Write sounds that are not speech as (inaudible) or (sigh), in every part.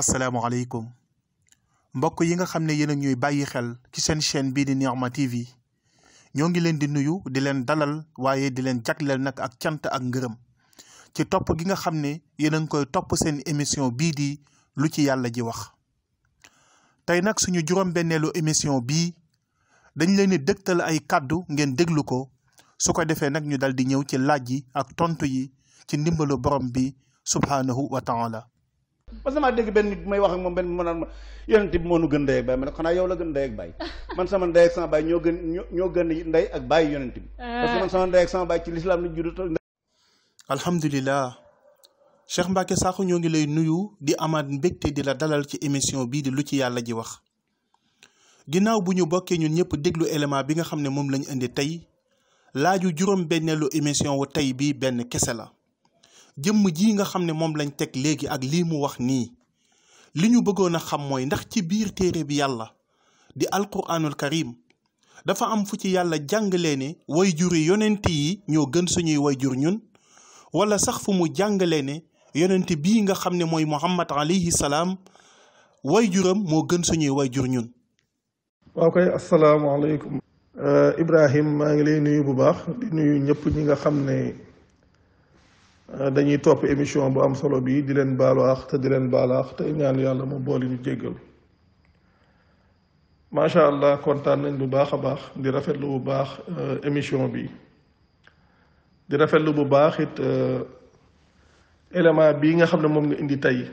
asalaamaaleykum mbokk yi nga xam ne yéen a ñuy bàyyi xel ci seen chaîne bii di Nihma yi ñoo ngi leen di nuyu di leen dalal waaye di leen jagleel nag ak cant ak ngërëm ci topp gi nga xam ne yéen a koy topp seen émission bii di lu ci yàlla ji wax. tey nag suñu juróom-benneelu émission bii dañ leen di dëgtal ay kàddu ngeen déglu ko su ko defee nag ñu dal di ñëw ci laaj yi ak tontu yi ci ndimbalu borom bi subhaanahu wa taala parce que damaa dégg benn nit may wax ak moom benn ma ma yonent bi moo nu gën ndey ak baay yow la gën ndey ak (laughs) man sama ndey ak sama baay ñoo gën ñoo gën ndey ak bàyyi yonent bi ah. parce que man sama ndey ak sama baay ci lislaam lañ judd alhamdulilah Cheikh Mbacke Sakho ñoo ngi lay nuyu di amaat mbégte di la dalal ci émission bii di lu ci yàlla ji wax ginnaaw bu ñu bokkee ñun ñëpp déglu élément bi nga xam ne moom lañ indi tey laaju juróom émission wu tey bi benn kese la jëmm ji nga xam ne moom lañ teg léegi ak lii mu wax nii li ñu bëggoon a xam mooy ndax ci biir téere bi yàlla di alquranul karim dafa am fu ci yàlla jàngalee ne way juri yonent yi ñoo gën suñuy way jur ñun wala sax fu mu jàngalee ne yonent bii nga xam ne mooy muhammad alayhi salaam way juram moo gën suñuy way ñun waaw kay euh, Ibrahim maa ngi lay nuyu bu baax di nuyu ñëpp ñi nga xam ne Euh, dañuy topp émission bu am solo bii di leen baalu te di leen baalu àq te ñaan yàlla mu boole ñu jéggal macha allah kontaan nañ lu baax a baax di rafetlu bu baax euh, émission bi di rafetlu bu baax it euh, élément bii nga xam ne moom nga indi tey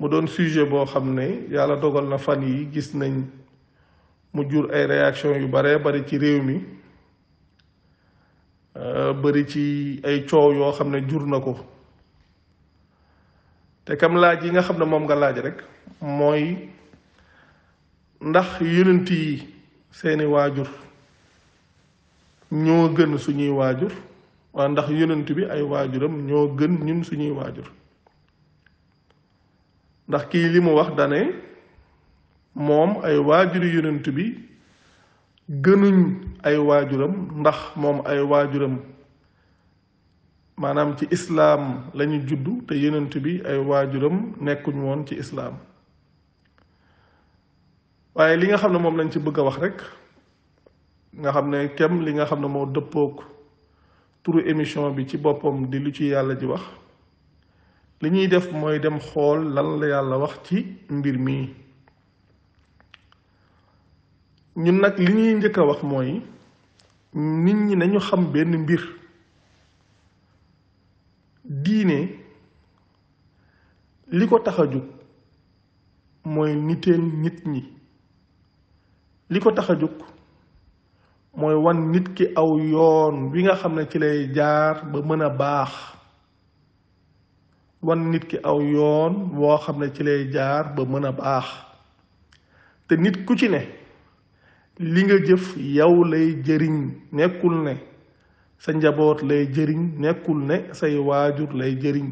mu doon sujet boo xam ne yàlla dogal na fan yi gis nañ mu jur ay réaction yu bare bari ci réew mi bari ci ay coow yoo xam ne jur na ko te kam laaj yi nga xam ne moom nga laaj rek mooy ndax yonent yi seeni waajur ñoo gën suñuy waajur waa ndax yonent bi ay waajuram ñoo gën ñun suñuy waajur ndax kii li mu wax dane moom ay waajuri yonent bi gënuñ ay waajuram ndax moom ay waajuram maanaam ci islaam lañu juddu te yenent bi ay waajuram nekkuñ woon ci islaam waaye li nga xam ne moom lañ ci bëgg a wax rek nga xam ne kem li nga xam ne moo dëppook turu émission bi ci boppam di lu ci yàlla ji wax li ñuy def mooy dem xool lan la yàlla wax ci mbir mii ñun nag li ñuy njëkk a wax mooy nit ñi nañu xam benn mbir diine li ko tax a jóg mooy niteen nit ñi li ko tax a jóg mooy wan nit ki aw yoon wi xam ne ci lay jaar ba mën a baax wan nit ki aw yoon woo xam ne ci lay jaar ba mën a baax te nit ku ci ne li nga jëf yow lay jëriñ nekkul ne sa njaboot lay jëriñ nekkul ne say waajur lay jëriñ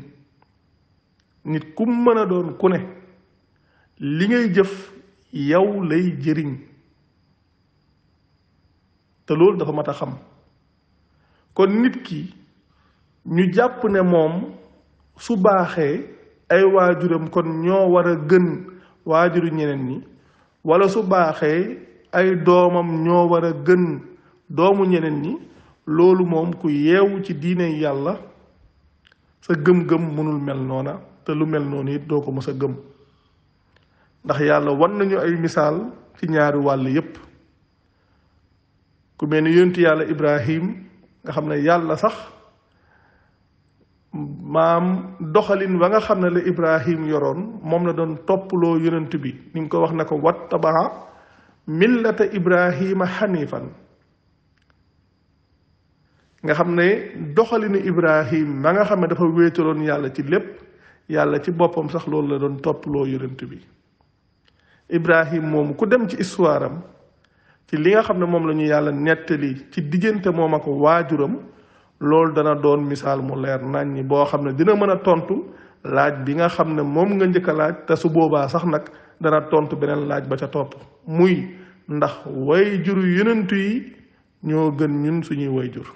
nit ku mën a doon ku ne li ngay jëf yow lay jëriñ te loolu dafa mat a xam kon nit ki ñu jàpp ne moom su baaxee ay waajuram kon ñoo war a gën waajuru ñeneen ñi walla su baaxee ay doomam ñoo war a gën doomu ñeneen ñi loolu moom ku yeewu ci diine yàlla sa gëm-gëm mënul mel noona te lu mel noon it doo ko mës a gëm ndax yàlla wan nañu ay misaal ci ñaari wàll yépp ku mel ni yonent yàlla Ibrahim nga xam ne yàlla sax maam doxalin ba nga xam ne la Ibrahim yoroon moom la doon topploo yonent bi ni mu ko wax na ko wat tabaa millata Ibrahima xanifan nga xam ne doxalinu Ibrahim ma nga xam ne dafa wéetaloon yàlla ci lépp yàlla ci boppam sax loolu la doon topploo yonent bi Ibrahim moom ku dem ci histoire ci li nga xam ne moom la ñu yàlla nettali ci diggante moom ak waajuram loolu dana doon misaal mu leer naññi boo xam ne dina mën a tontu laaj bi nga xam ne moom nga njëkk a laaj te su boobaa sax nag dana tontu beneen laaj ba ca topp muy ndax way juru yonent yi ñoo gën ñun suñuy way jur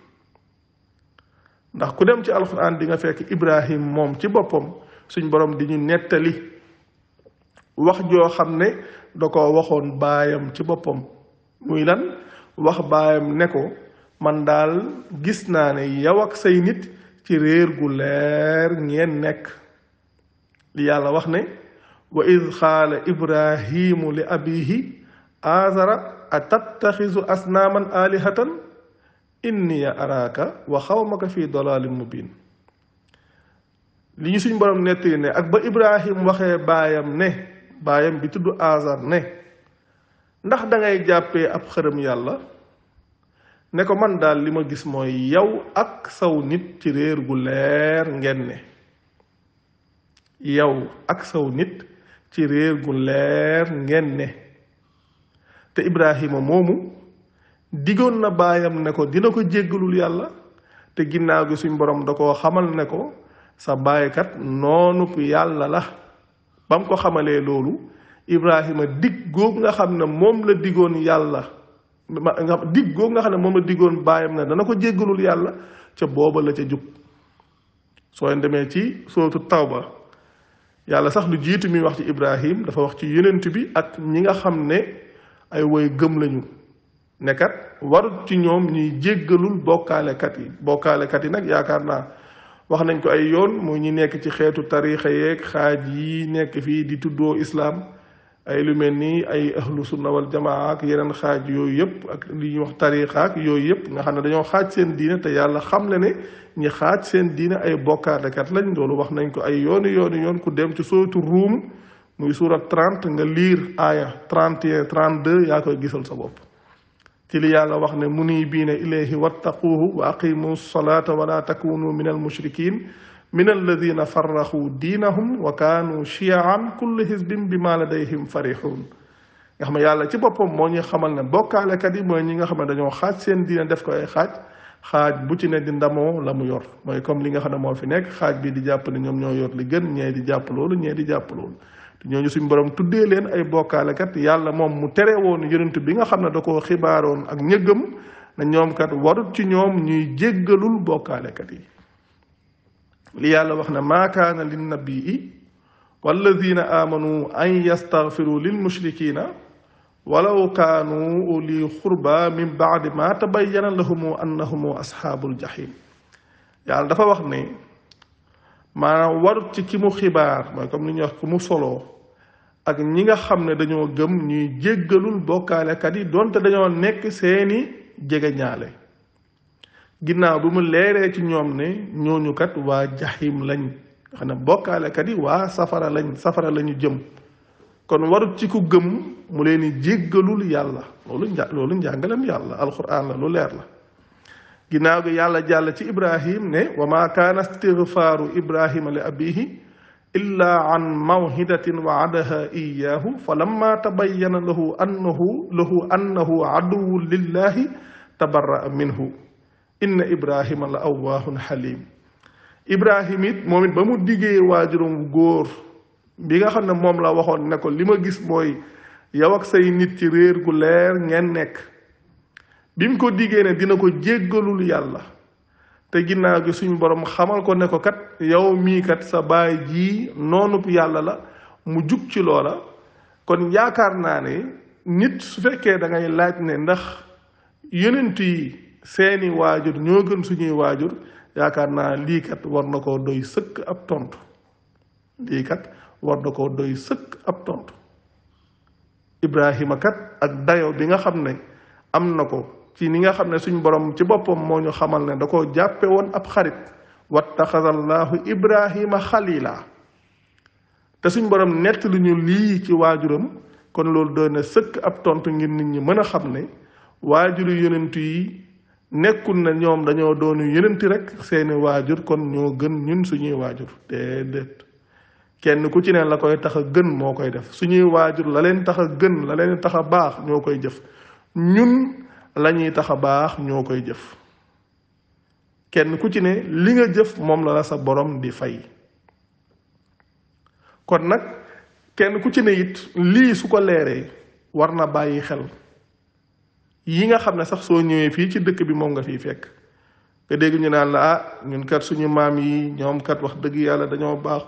ndax ku dem ci alxuraan di nga fekk Ibrahim moom ci boppam suñ borom di ñu nettali wax joo xam ne da ko waxoon baayam ci boppam muy lan wax baayam ne ko man daal gis naa ne yow ak say nit ci réer gu leer nekk yàlla wax ne wa id xaala ibrahimu li abihi azara atattaxisu asnaaman alihatan inni ya araaka wa xawmaka fii dalaalin mubin li ñu suñ borom nettali ne ak ba ibrahim waxee baayam ne baayam bi tudd azar ne ndax dangay ngay jàppee ab xërëm yàlla ne ko man daal li ma gis mooy yow ak saw nit ci réer gu leer ngeen ne yow ak saw nit ci réer gu leer ngeen ne te ibrahima moomu digoon na baayam ne ko dina ko jéggalul yàlla te ginnaaw gi suñ borom da koo xamal ne ko sa baaykat noonu ku yàlla la ba mu ko xamalee loolu Ibrahima dig googu nga xam ne moom la digoon yàlla nga nga xam ne moom la digoon baayam na dana ko jéggalul yàlla ca booba la ca jub soo demee ci taw ba yàlla sax lu jiitu muy wax ci Ibrahim dafa wax ci yonent bi ak ñi nga xam ne ay woy gëm lañu ne kat warut ci ñoom ñuy jéggalul bokkaalekat yi bokkaalekat yi nag yaakaar naa wax nañ ko ay yoon mooy ñu nekk ci xeetu tariixa yeeg xaaj yi nekk fii di tuddoo islaam ay lu mel ni ay ahlu sunna wal jamaa ak yeneen xaaj yooyu yëpp ak li ñuy wax tariixa ak yooyu yëpp nga xam ne dañoo xaaj seen diine te yàlla xam le ne ñi xaaj seen diina ay bokkaalekat lañ loolu wax nañ ko ay yooni yooni yoon ku dem ci sootu ruum muy suura 30 nga liir aaya 31 32 yaa koy gisal sa bopp ci li yàlla wax ne munibiina ilayhi wattaquuhu wa aqimu salaata wala takunu min al mushrikin min alladina farraxu diinahum wa kaanu chiaan kullu xisbin bi ma ladayhim farixuun nga xam ne yàlla ci boppam moo ñuy xamal ne bokkaalekat yi mooy ñi nga xam ne dañoo xaaj seen diine def ko ay xaaj xaaj bu ci ne di ndamoo la mu yor mooy comme li nga xam ne moo fi nekk xaaj bi di jàpp ne ñoom ñoo yor li gën ñee di jàpp loolu ñee di jàpp loolu ñoñu suñu borom tuddé leen ay bokal kat yàlla mom mu tere won yonent bi nga xam da ko xibaaron ak ñëggam na ñom kat warut ci ñom ñuy jéggalul bokal kat yi li yàlla wax lin nabii wal ladhina amanu آمنوا yastaghfiru lil mushrikeena ولو كانوا أولي قربى من بعد ما تبين لهم أنهم أصحاب الجحيم yàlla dafa wax ne maanaam warut ci ki mu xibaar mooy comme ni ñuy wax ki mu soloo ak ñi nga xam ne dañoo gëm ñuy jéggalul bokkaalekat yi donte dañoo nekk seeni jegeñaale ginnaaw bi mu leeree ci ñoom ne ñooñukat waa jaxim lañ xam ne bokkaalekat yi waa safara lañ safara lañu jëm kon warut ci ku gëm mu leen di jéggalul yàlla loolu nja loolu njàngalam yàlla la lu leer la ginnaaw gi yàlla jàll ci ibrahim ne wa ma kaana istigfaaru illa an mawhidatin waadaha iyahu fa lamma tabayyana lahu annahu lahu annahu aduwun lillahi tabarraa minhu inna ibrahima la awwaahun halim ibrahim it ba mu diggee waajuram góor bi nga xam ne moom la waxoon ne ko li ma gis mooy yow ak say nit ci réer gu leer ngeen nekk bi ko diggee ne dina ko jéggalul yàlla te ginnaaw gi suñu borom xamal ko ne ko kat yow mii kat sa baay jii noonub yàlla la mu jug ci loola kon yaakaar naa ne nit su fekkee dangay laaj ne ndax yonent yi seeni waajur ñoo gën suñuy waajur yaakaar naa ne kat war na koo doy sëkk ab tontu lii kat war na koo doy sëkk ab tontu Ibrahima kat ak dayo bi nga xam ne am na ko ci ni nga xam ne suñ borom ci boppam moo ñu xamal ne da ko jàppe woon ab xarit wattaxada allahu ibrahima xalila te suñ borom nett lu ñu lii ci waajuram kon loolu doon na sëkk ab tontu ngir nit ñi mën a xam ne waajuri yonent yi nekkul na ñoom dañoo doon yonent rek seeni waajur kon ñoo gën ñun suñuy waajur déedéet kenn ku ci ne la koy tax a gën moo koy def suñuy waajur la leen tax a gën la leen tax a baax ñoo koy jëf ñun lañuy taxa baax ñoo koy jëf kenn ku ci ne li nga jëf moom la la sa borom di fay kon nag kenn ku ci ne it lii su ko leeree war na bàyyi xel yi nga xam ne sax soo ñëwee fii ci dëkk bi moom nga fiy fekk nga dégg ñu naan la ah ñun kat suñu maam yi ñoom kat wax dëgg yàlla dañoo baax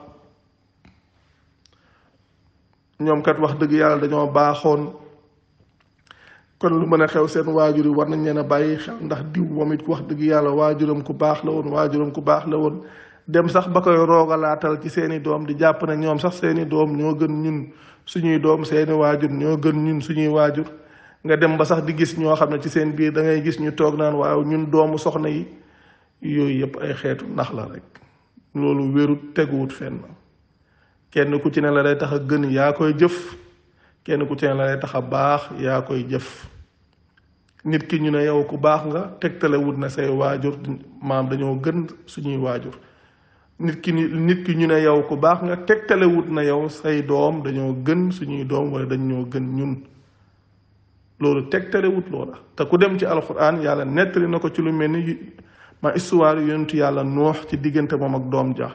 ñoom kat wax dëgg yàlla dañoo baaxoon kon lu mën a xew seen waajur yi war nañ leen a bàyyi xel ndax diw moom it wax dëgg yàlla waajuram ku baax la woon waajuram ku baax la woon dem sax ba koy roogalaatal ci seeni doom di jàpp ne ñoom sax seeni doom ñoo gën ñun suñuy doom seeni waajur ñoo gën ñun suñuy waajur nga dem ba sax di gis ñoo xam ne ci seen biir dangay gis ñu toog naan waaw ñun doomu soxna yi yooyu yëpp ay xeetu nax la rek loolu wérut teguwut fenn kenn ku ci ne la day tax a gën yaa koy jëf kenn ku ci la lay tax a baax yaa koy jëf nit ki ñu ne yow ku baax nga tegtale wut na say waajur dañoo gën suñuy waajur nit ki nit ki ñu ne yow ku baax nga tegtale na yow say doom dañoo gën suñuy doom wala dañoo gën ñun loolu tegtale wut loola te ku dem ci alquran yàlla nettali na ko ci lu mel ni ma histoire yonentu yàlla nuux ci diggante moom ak doom ja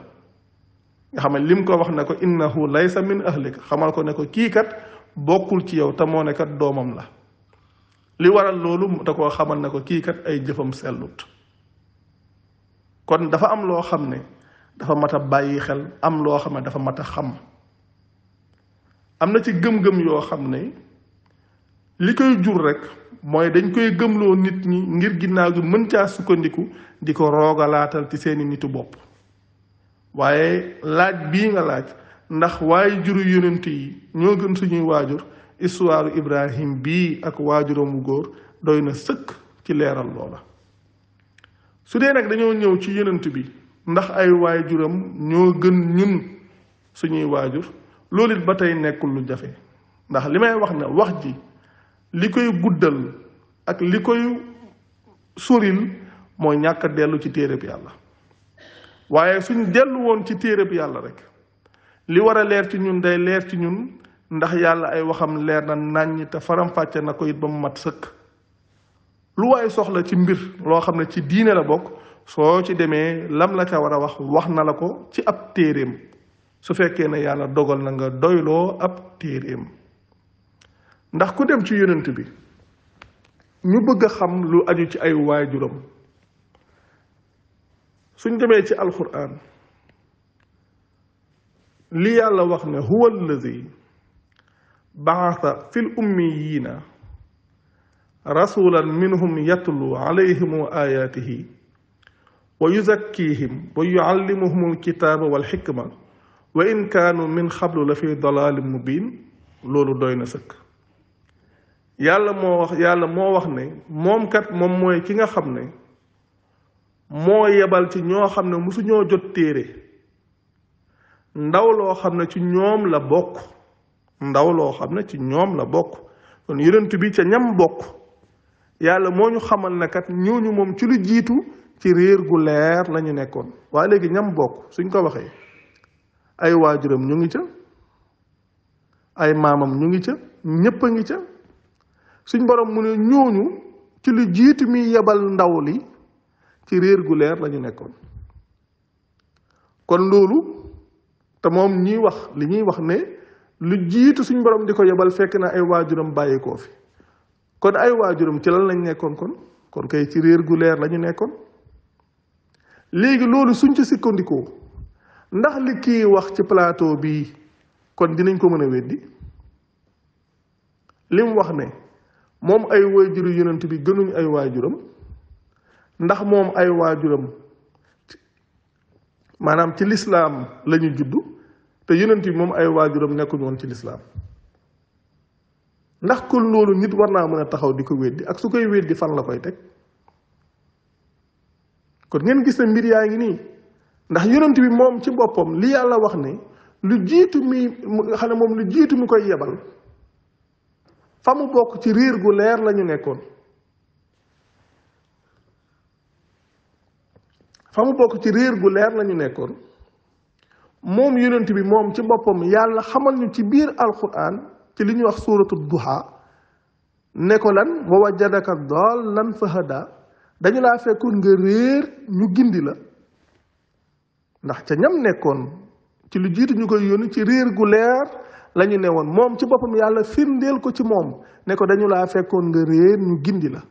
nga xam lim ko wax ne ko innahu laysa min ahlika xamal ko ne ko kii kat bokkul ci yow te moo doomam la li waral loolu te koo xamal ne ko kii kat ay jëfam sellut kon dafa am loo xam ne dafa mat a bàyyi xel am loo xam ne dafa mat a xam am na ci gëm-gëm yoo xam ne li koy jur rek mooy dañ koy gëmloo nit ñi ngir ginnaaw gi mën caa sukkandiku di ko roogalaatal ci seeni nitu bopp waaye laaj bii nga laaj ndax waaye juru yonent yi ñoo gën suñuy waajur histoire Ibrahim bii ak waajuramu góor doy na sëkk ci leeral loola su dee nag dañoo ñëw ci yonent bi ndax ay waajuram ñoo gën ñun suñuy waajur loolu it ba tey nekkul lu jafe ndax li may wax ne wax ji li koy guddal ak li koy soril moo ñàkk dellu ci téereb yàlla waaye suñ dellu woon ci téereb yàlla rekk li war a leer ci ñun day leer ci ñun ndax yàlla ay waxam leer na nàññ te faramfàcce na ko it ba mu mat sëkk lu waaye soxla ci mbir loo xam ne ci diine la bokk soo ci demee lam la ca war a wax wax na la ko ci ab téeréem su fekkee ne yàlla dogal na nga doyloo ab téeréem ndax ku dem ci yonent bi ñu bëgg a xam lu aju ci ay waajuram suñ demee ci alxuraan li yàlla wax ne huwa allazi baasa fi l ummiyina rasulan minhum yatlu alayhim ayatihi wa yuzakkihim wa yuallimuhum alkitaba walxikma wa in kaanu min xablu la fi dalalin mubin loolu doy na sëkk yàlla moo wax yàlla moo wax ne moom kat moom mooy ki nga xam ne moo yebal ci ñoo xam ne musuñoo jot téere ndaw loo xam ne ci ñoom la bokk ndaw loo xam ne ci ñoom la bokk kon yonent bi ca ñam bokk yàlla moo ñu xamal ne kat ñooñu moom ci lu jiitu ci réer gu leer lañu nekkoon waaye léegi ñam bokk suñ ko waxee ay waajuram ñu ngi ca ay maamam ñu ngi ca ñépp a ngi ca suñ borom mu ne ci lu jiitu mi yebal ndaw li ci réer gu leer la nekkoon kon loolu te moom ñuy wax li ñuy wax ne lu jiitu suñ borom di ko yebal fekk na ay waajuram bàyyi koo fi kon ay waajuram ci lan lañ nekkoon kon kon kay ci réer gu leer la nekkoon léegi loolu suñ ci sikkandikoo ndax li kii wax ci plateau bi kon dinañ ko mën a weddi li wax ne moom ay waajuru yonent bi gënuñ ay waajuram ndax moom ay waajuram maanaam ci lislaam lañu juddu te yonenti mom ay wajuram nekkul won ci l'islam ndax ko lolu nit warna meuna taxaw diko weddi ak su koy weddi fan la koy tek kon ngeen gis na mbir yaangi ni ndax yonenti bi mom ci bopom li yalla wax ne lu jitu mi xana mom lu jitu mi koy yebal famu bok ci rir gu leer lañu nekkon famu bok ci rir gu leer lañu nekkon moom yonent bi moom ci boppam yàlla xamal ñu ci biir alxuraan ci li ñuy wax suuratu duha ne ko lan wa wajadaka daallan fahada dañu laa fekkoon nga réer ñu gindi la ndax ca nekkoon ci lu jiitu ñu koy yónni ci réer gu leer la ñu moom ci boppam yàlla firndeel ko ci moom ne dañu laa fekkoon nga réer ñu gindi la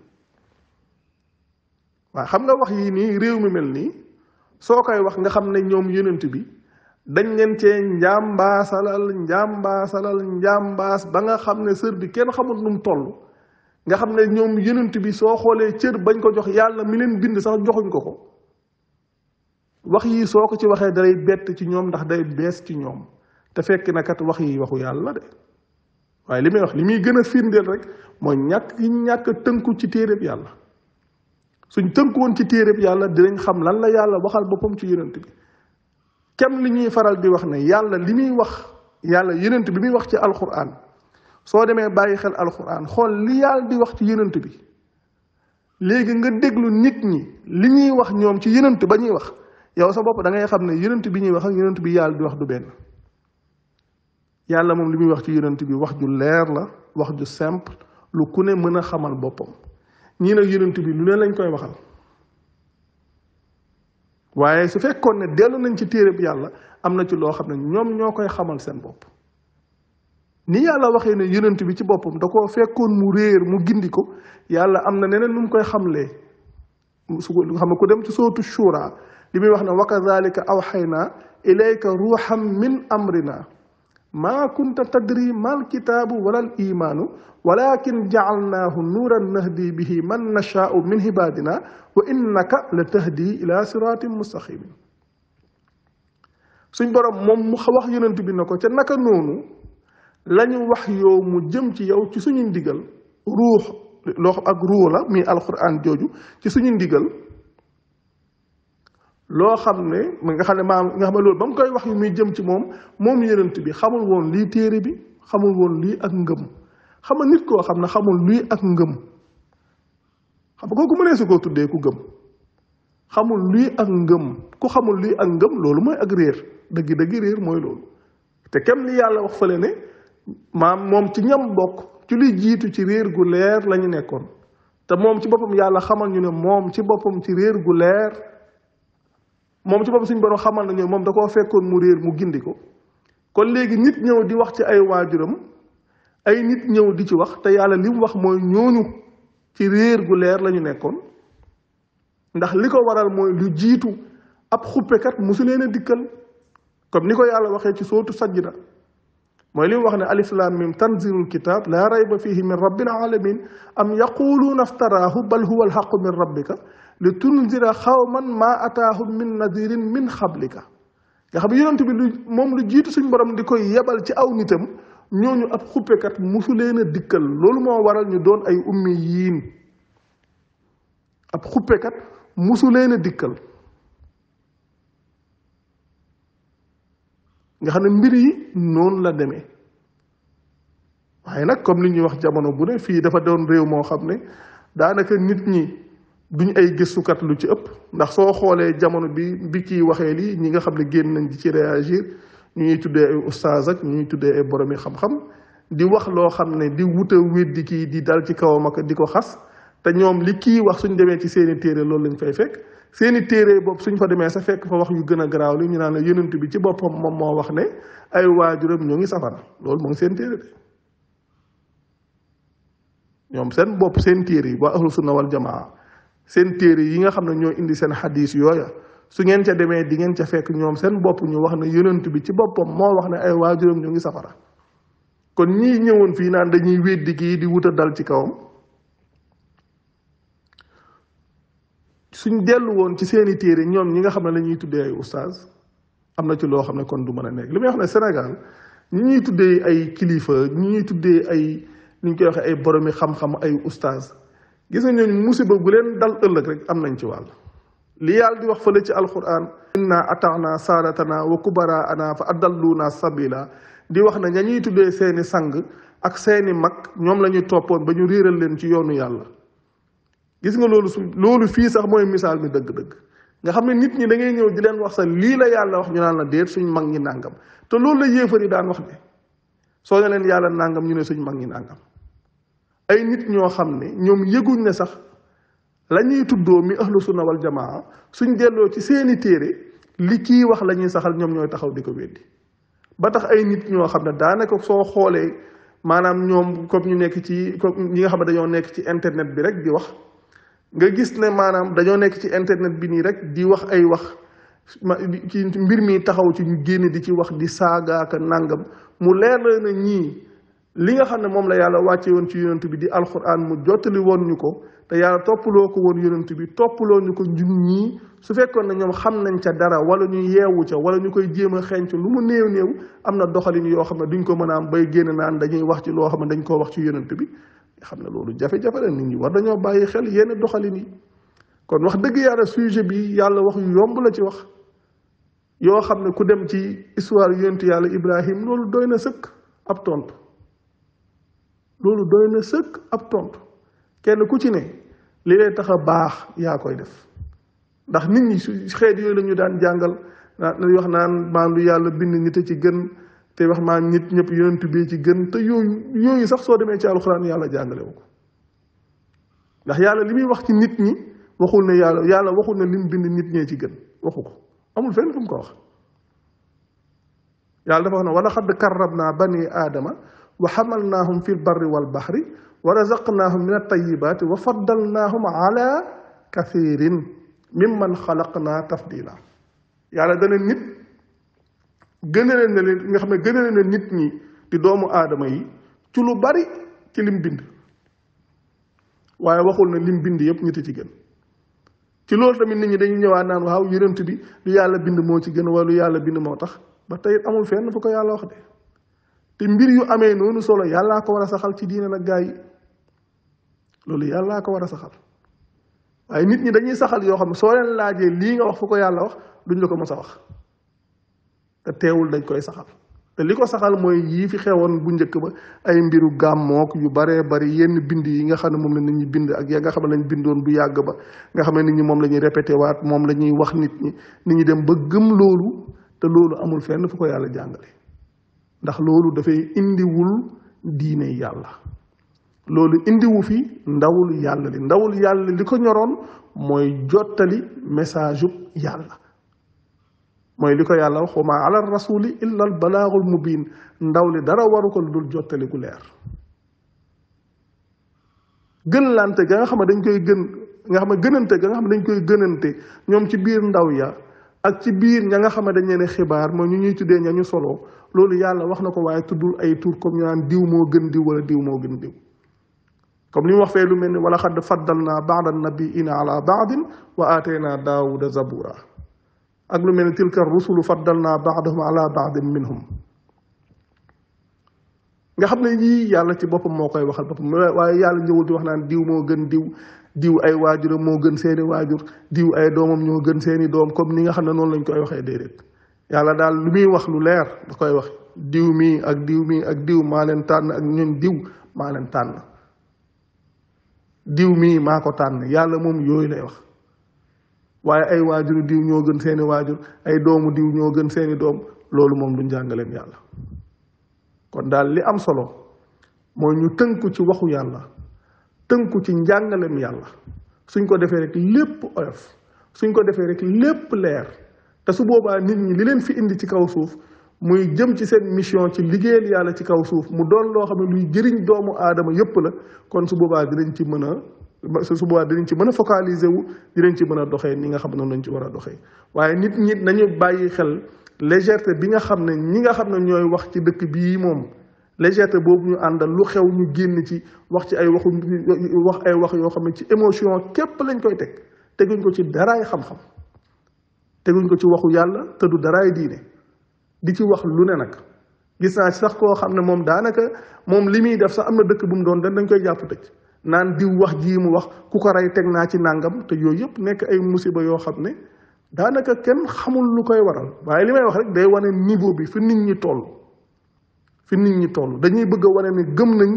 waaye xam nga wax yii nii réew mi mel nii soo koy wax nga xam ne ñoom yonent bi dañ leen cee njàmbaasalal njàmbaasalal njàmbaas ba nga xam ne sër bi kenn xamut nu mu toll nga xam ne ñoom yenent bi soo xoolee cër bañ ko jox yàlla mi leen bind sax joxuñ ko ko wax yi soo ko ci waxee day bett ci ñoom ndax day bees ci ñoom te fekk na kat wax yi waxu yàlla de waaye li muy wax li muy gën a firndeel rek mooy ñàkk yi ñàkk tënku ci téereb yàlla suñ tënku woon ci téereb yàlla dinañ xam lan la yàlla waxal boppam ci yenent bi كم لي ني فارال دي wax ne yàlla li muy wax yàlla yenent bi muy wax ci alquran soo demee bàyyi xel alquran xool li yàlla di wax ci yenent bi léegi nga déglu nit ñi li ñi wax ñom ci yenent ba wax yow sa bop da ngay xam ne yenent bi ñi wax ak yenent bi yàlla di wax du ben yàlla mom li wax ci yenent bi wax ju leer la wax ju simple lu ku ne mën xamal bopam ñi nak yenent bi lu ne lañ koy waxal waaye su fekkoon ne dellu nañ ci téere bi yàlla am na ci loo xam ne ñoom ñoo koy xamal seen bopp ni yàlla waxee ne yonent bi ci boppam da koo fekkoon mu réer mu gindi ko yàlla am na neneen nu mu koy xamlee su ko xam ne ku dem ci sootu shura li muy wax ne wa kadalika awxaynaa ilayka ruuxam min amrina maa kunta tadri mal kitaabu wala al imaanu walakin jacalnaahu nuuran nahdi bihi man nashaau min ibaadina wa innaka la tahdi ila siraatin mustaqimin suñ borom moom mu wax yonent bi na ko ca naka noonu lañu wax yow mu jëm ci yow ci suñu ndigal ruux loo ak ruux mi muy jooju ci suñu ndigal loo xam ne nga xam ne maam nga xam ne loolu ba mu koy wax yu muy jëm ci moom moom yërant bi xamul woon lii téere bi xamul woon lii ak ngëm xam nga nit koo xam ne xamul lii ak ngëm xam nga kooku mënee su koo ku gëm xamul lii ak ngëm ku xamul lii ak ngëm loolu mooy ak réer dëgg dëgg réer mooy loolu te kem li yàlla wax fële ne maam moom ci ñam bokk ci luy jiitu ci réer gu leer la ñu nekkoon te moom ci boppam yàlla xamal ñu ne moom ci boppam ci réer gu leer moom ci bopp suñu borom xamal nañu moom da koo fekkoon mu réer mu gindi ko kon léegi nit ñëw di wax ci ay waajuram ay nit ñëw di ci wax te yàlla li mu wax mooy ñooñu ci réer gu leer lañu nekkoon ndax li ko waral mooy lu jiitu ab mu musu leen a dikkal comme ni ko yàlla waxee ci sootu na mooy li mu wax ne alif lam mim tanzilul kitab laa rayba fihi min rabbil alamin am yaquluuna aftaraahu bal huwa alxaqu min rabbika li tunzira xawman maa ataahum min nadirin min xablika nga xam yonent bi lu moom lu jiitu suñ borom di koy yebal ci aw nitam ñooñu ab xuppekat musu leen a dikkal loolu moo waral ñu doon ay ummi yiin ab xuppekat musu leen a dikkal nga xam ne mbir yi noonu la deme waaye nag comme li ñuy wax jamono bu ne fii dafa doon réew moo xam ne daanaka nit ñi duñ ay gëstukat lu ci ëpp ndax soo xoolee jamono bi bi kii waxee lii ñi nga xam ne génn nañ di ci réagir ñu ñuy tuddee ay ustaas ak ñu ñuy tuddee ay boromi xam-xam di wax loo xam ne di wut a weddi kii di dal ci kawam ak di ko xas te ñoom li kii wax suñ demee ci seeni téere loolu lañ fay fekk seeni téere boobu suñ fa demee sa fekk fa wax yu gën a garaaw li ñu naan la yonent bi ci boppam moom moo wax ne ay waajuram ñoo ngi safara loolu moo ngi seen téere seen bopp seen téere yi waa ahlu sunna wal jamaa seen téere yi nga xam ne ñoo indi seen xadis yooya su ngeen ca demee di ngeen ca fekk ñoom seen bopp ñu wax ne yonent bi ci boppam mo wax ne ay waajuram ñu ngi safara kon ñii ñëwoon fii naan dañuy weddi kii di wuta dal ci kawam suñ dellu woon ci seeni téere ñoom ñi nga xam ne la ñuy ay oustaz am na ci loo xam ne kon du mën a nekk wax ne Sénégal ñi ñuy tuddee ay kilifa ñi ñuy tuddee ay ni koy ay boromi xam-xam ay oustaz gis nga ñooñu musiba gu leen dal ëllëg rek am nañ ci wàll li yàlla di wax fële ci alquran inna ataana saadatana wa kubaraana fa addalluuna sabila di wax ne ña ñuy tuddee seeni sang ak seeni mag ñoom la ñuy ba ñu riiral leen ci yoonu yàlla gis nga loolu su loolu fii sax mooy misaal mi dëgg-dëgg nga xam ne nit ñi dangay ñëw di leen wax sa lii la yàlla wax ñu naan la déet suñ mag ñi nàngam te loolu la yéefar yi daan wax ne soo ne yàlla nàngam ñu ne suñ mag ñi nàngam ay nit ñoo xam ne ñoom yëguñ ne sax la ñuy tuddoo mi ahlu su wal jamaa suñ delloo ci seeni téere li kii wax la ñuy saxal ñoom ñooy taxaw di ko weddi ba tax ay nit ñoo xam ne daanaka soo xoolee maanaam ñoom comme ñu nekk ci comme ñi nga xam ne dañoo nekk ci internet bi rek di wax nga gis ne maanaam dañoo nekk ci internet bi nii rek di wax ay wax ci mbir mi taxaw ci ñu génn di ci wax di saagaaka nangam mu leer na ñii li nga xamne mom la yàlla wàcce won ci yonent bi di alquran mu jotali won ñuko te yàlla toppaloo ko won yonent bi toppaloo ñu ko ñun ñi su fekkon na ñom xam nañ ca dara wala ñu yewu ca wala ñu koy jéem a lu mu néew néew amna doxalin yo xamne duñ ko mëna am bay génn naan dañuy wax ci lo xamne dañ ko wax ci yonent bi xamne lolu jafe-jafe la nit ñi war dañu bàyyi xel yeen doxalin yi kon wax deug yàlla sujet bi yàlla wax yu yomb la ci wax yo xamne ku dem ci histoire yonent yàlla Ibrahim lolu doyna seuk ab tontu loolu dooy na sëkk ab tontu kenn ku ci ne li lay tax a baax yaa koy def ndax nit ñi su xeet yooyu la daan jàngal naan wax naan maam lu yàlla bind nit a ci gën te wax nit ñëpp yonent bi ci gën te yooyu yooyu sax soo demee ci alxuraan yàlla jàngalewu ko ndax yàlla li muy wax ci nit ñi waxul ne yàlla yàlla waxu ne lim bind nit ñee ci gën waxu ko amul fenn fu mu ko wax yàlla dafa wax ne wala xadd karrab naa bani aadama وحملناهم في البر والبحر ورزقناهم من الطيبات وفضلناهم على كثير ممن خلقنا تفضيلا يعني دنا نيت غنينا لي ميخما نيت ني دي دومو ادمي تي لو باري تي لم بيند واي واخول ن لم بيند ييب نيت تي ген تي لول تامي نيت ني داني نيوا نان واو يرمت بي يالا بيند مو تي ген ولو يالا بيند موتاخ با تاي امول فين فوكو يالا واخ دي te mbir yu amee noonu solo yàllaa ko war a saxal ci diine nag gaa yi loolu yàllaa ko war a saxal waaye nit ñi dañuy saxal yoo xam ne soo leen laajee lii nga wax fu ko yàlla wax duñ la ko mës a wax te teewul dañ koy saxal te li ko saxal mooy yii fi xewoon bu njëkk ba ay mbiru gàmmook yu baree bari yenn bind yi nga xam ne moom la nit ñi bind ak ya nga xam ne lañ bindoon bu yàgg ba nga xam ne nit ñi moom lañuy ñuy waat moom lañuy wax nit ñi nit dem ba gëm loolu te loolu amul fenn fu yàlla jàngale ndax loolu dafay indiwul diine yàlla loolu indiwu fi ndawul yàlla li ndawul yàlla li ko ñoroon mooy jottali message ub yàlla mooy li ko yàlla wax wa maa ala rasuli illa al ndaw li dara waru ko lu dul jottali gu leer gën lante ga nga xam ne dañ koy gën nga xam ne gënante ga nga xam ne dañ koy gënante ñoom ci biir ndaw ya ak ci biir ña nga xam ne dañ leen xibaar moo ñu ñuy tuddee ña ñu solo loolu yàlla wax na ko waaye tuddul ay tur comme ñu naan diw moo gën diw wala diw moo gën diw comme li wax fee lu mel ni wala xad faddalnaa baada nabiina ala baadin wa aataynaa a zabura ak lu mel ni tilka rusulu faddalnaa baadahum ala baadin minhum nga xam ne yii yàlla ci boppam moo koy waxal boppam waaye yàlla ñëwul di wax naan diw moo gën diw diw ay waajuram moo gën seeni waajur diw ay doomam ñoo gën seeni doom comme ni nga xam ne noonu lañ koy waxee déedéet yàlla daal lu muy wax lu leer da koy wax diw mii ak diw mii ak diw maa leen tànn ak ñun diw maa leen tànn diw mii maa ko tànn yàlla moom yooyu lay wax waaye ay waajuru diw ñoo gën seeni waajur ay doomu diw ñoo gën seeni doom loolu moom du njàngaleem yàlla kon daal li am solo mooy ñu tënku ci waxu yàlla tënku ci njàngalem yàlla suñ ko defee rek lépp oyof suñ ko defee rek lépp leer te su boobaa nit ñi li leen fi indi ci kaw suuf muy jëm ci seen mission ci liggéeyal yàlla ci kaw suuf mu doon loo xam ne luy jëriñ doomu aadama yépp la kon su boobaa dinañ ci mën a su boobaa dinañ ci mën a focaliser wu dinañ ci mën a doxee ni nga xam ne nañ ci war a doxee waaye nit ñi nañu bàyyi xel légèreté bi nga xam ne ñi nga xam ne ñooy wax ci dëkk bii moom légèreté boobu ñu àndal lu xew ñu génn ci wax ci ay waxu wax ay wax yoo xam ne ci émotion képp lañ koy teg teguñ ko ci daray xam-xam teguñ ko ci waxu yàlla te du daraay diine di ci wax lu ne nag gis naa sax koo xam ne moom daanaka moom li muy def sax am na dëkk bu mu doon dañ koy jàpp tëj naan diw wax jii mu wax ku ko rey teg naa ci nàngam te yooyu yëpp nekk ay musiba yoo xam ne daanaka kenn xamul lu koy waral waaye li may wax rek day wane niveau bi fi nit ñi toll. fi nit ñi toll dañuy bëgg a wane ne gëm nañ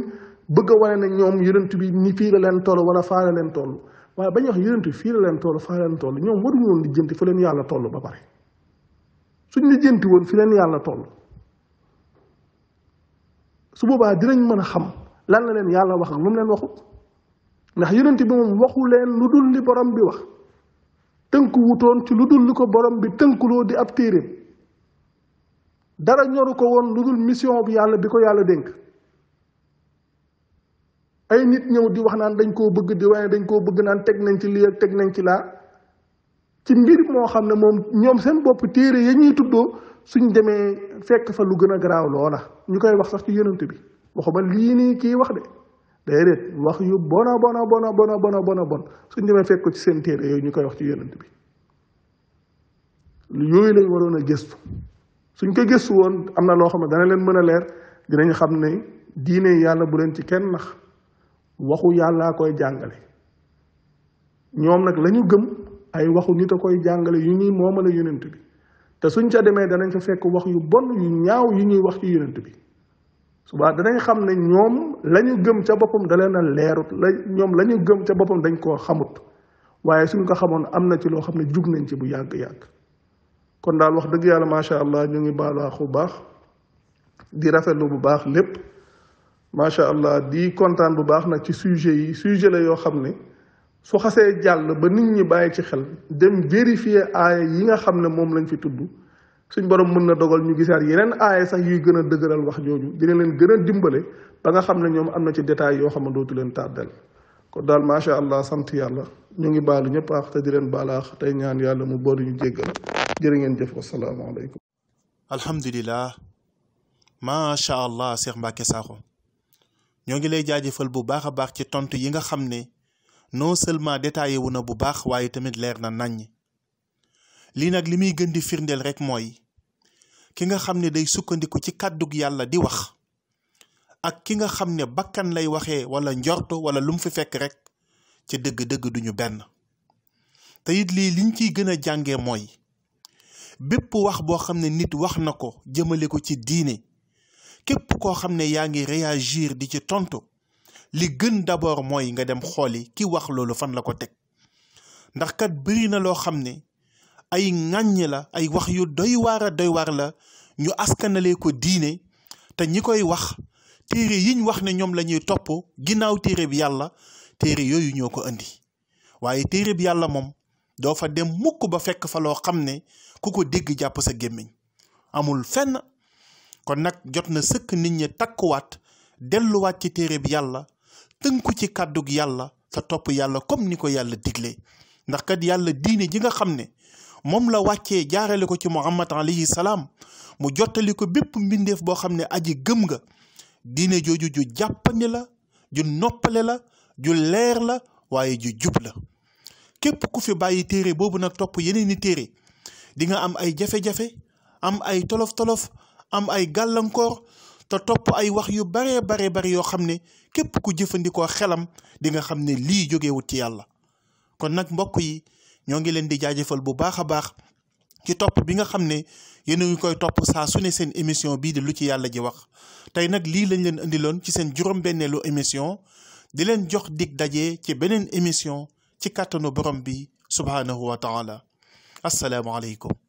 bëgg a wane ne ñoom yonent bi ñi fii la leen toll wala faa la leen toll waaye bañ wax yonent bi fii la leen toll faa la leen toll ñoom waruñu woon lijjanti fa leen yàlla toll ba pare suñ lijjanti woon fi leen yàlla toll su boobaa dinañ mën a xam lan la leen yàlla wax ak lu leen waxut ndax yonent bi moom waxu leen lu dul li borom bi wax tënku wutoon ci lu dul li ko borom bi tënkuloo di ab téeréem dara ñoru ko woon lu dul mission bu yàlla bi ko yàlla dénk ay nit ñëw di wax naan dañ koo bëgg di waaye dañ koo bëgg naan teg nañ ci lii ak teg nañ ci laa ci mbir moo xam ne moom ñoom seen bopp téere ya ñuy tuddoo suñ demee fekk fa lu gën a garaaw loola ñu koy wax sax ci yonent bi waxuma lii nii kii wax de déedéet wax yu bona bona bona bona bona bona bon suñ demee fekk ko ci seen téere yooyu ñu koy wax ci yonent lañ waroon a gëstu suñ ko gëstu woon am na loo xam ne dana leen mën a leer dinañ xam ne diine yàlla bu leen ci kenn nax waxu yàllaa koy jàngale ñoom nag la gëm ay waxu nit a koy jàngale yu ñuy moomale a bi te suñ ca demee danañ fa fekk wax yu bon yu ñaaw yu ñuy wax ci yonent subaa danañ xam ne ñoom la gëm ca boppam da leen a leerut la ñoom la ñu gëm ca boppam dañ koo xamut waaye suñ ko xamoon am na ci loo xam ne jug nañ ci bu yàgg-yàgg kon daal wax dëgg yàlla macha allah ñu ngi baalaax bu baax di rafetlu bu baax lépp macha allah di kontaan bu baax nag ci sujet yi sujet la yoo xam ne su xasee jàll ba nit ñi bàyyi ci xel dem vérifier aaya yi nga xam ne moom lañ fi tudd suñ borom mën na dogal ñu gisaat yeneen aaya sax yuy gën a dëgëral wax jooju dina leen gën dimbale ba nga xam ne ñoom am na ci détail yoo xam ne dootu leen tàddal kon daal macha allah sant yàlla. ñoo ngi baalu ñëpp te di leen baalaax tey ñaan yàlla mu boole ñu jéggal jërë ngeen jëf wasalaamaaleykum alhamdulilah macha allah Cheikh Mbacké Sakho ñoo ngi lay jaajëfal bu baax a baax ci tontu yi nga xam ne non seulement détaillé wu na bu baax waaye tamit leer na naññ lii nag li muy gën di firndeel rek mooy ki nga xam ne day sukkandiku ci kàddug yàlla di wax ak ki nga xam ne bakkan lay waxee wala njorto wala lu mu fi fekk rek ci dëgg-dëgg duñu benn te lii liñ ciy gën a jàngee mooy bépp wax boo xam ne nit wax na ko jëmale ko ci diine képp koo xam ne yaa ngi réagir di ci tontu li gën d'abord mooy nga dem xooli ki wax loolu fan la ko teg ndax kat bëri na loo xam ne ay ŋàññ la ay wax yu doy waar la ñu askanale ko diine te ñi koy wax téere yiñ wax ne ñoom lañuy ñuy topp ginnaaw téere bi yàlla téere yooyu ñoo ko indi waaye téere bi yàlla moom doo fa dem mukk ba fekk fa loo xam ne ku ko dégg jàpp sa gémmiñ amul fenn kon nag jot na sëkk nit ñi takkuwaat delluwaat ci téere bi yàlla tënku ci kàddug yàlla sa topp yàlla comme ni ko yàlla digle ndax kat yàlla diine ji nga xam ne moom la wàccee jaarale ko ci muhammad alayhi salaam mu jottali ko bépp mbindeef boo xam ne aji gëm nga diine jooju ju jàppandi la ju noppale la ju leer la waaye ju jub la képp ku fi bàyyi téere boobu nag topp yeneen i téere di nga am ay jafe-jafe am ay tolof-tolof am ay gàllankoor te topp ay wax yu baree bare bari yoo xam ne képp ku jëfandikoo xelam di nga xam ne lii jógewut ci yàlla kon nag mbokk yi ñoo ngi leen di jaajëfal bu baax a baax ci topp bi nga xam ne yéen a ngi koy topp saa ne seen émission bii di lu ci yàlla ji wax tey nag lii lañ leen indiloon ci seen juróom-benneelu émission di len jox dig daje ci benen émission ci kàttanu borom bi subhanahu wa taala assalamu alaykum